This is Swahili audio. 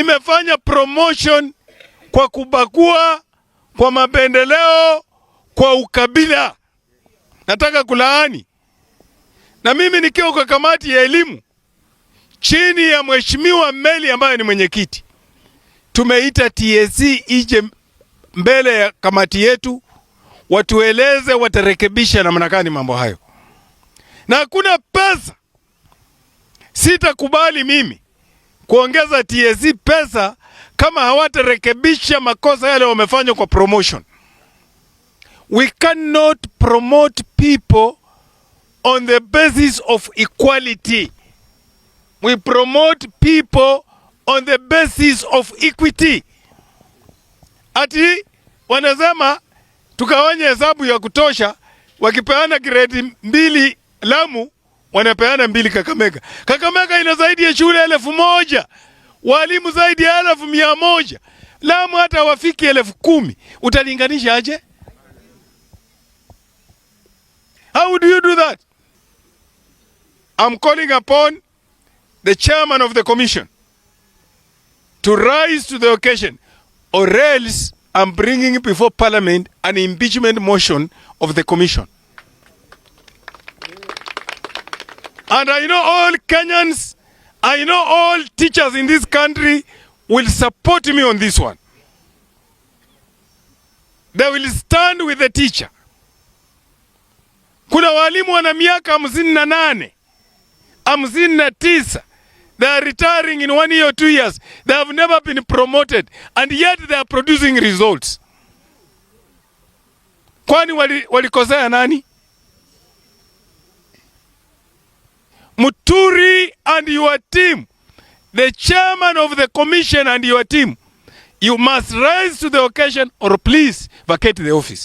imefanya promotion kwa kubakua kwa mapendeleo, kwa ukabila. Nataka kulaani, na mimi nikiwa kwa kamati ya elimu chini ya mheshimiwa Meli ambaye ni mwenyekiti, tumeita TSC e ije mbele ya kamati yetu watueleze watarekebisha namna gani mambo hayo, na hakuna pesa sitakubali mimi kuongeza TSC pesa kama hawatarekebisha makosa yale wamefanya kwa promotion. We cannot promote people on the basis of equality. We promote people on the basis of equity. Ati wanasema tukawanya hesabu ya kutosha, wakipeana grade mbili Lamu wanapeana mbili Kakamega. Kakamega ina zaidi ya shule elfu moja walimu zaidi ya elfu mia moja Lamu hata wafiki elfu kumi Utalinganisha aje? How do you do that? I'm calling upon the chairman of the commission to rise to the occasion or else I'm bringing before parliament an impeachment motion of the commission. And I know all Kenyans, I know all teachers in this country will support me on this one. They will stand with the teacher. Kuna walimu wana miaka hamsini na nane, hamsini na tisa. They are retiring in one year or two years. They have never been promoted and yet they are producing results. Kwani walikosea wali nani? and your team, the chairman of the commission and your team, you must rise to the occasion or please vacate the office.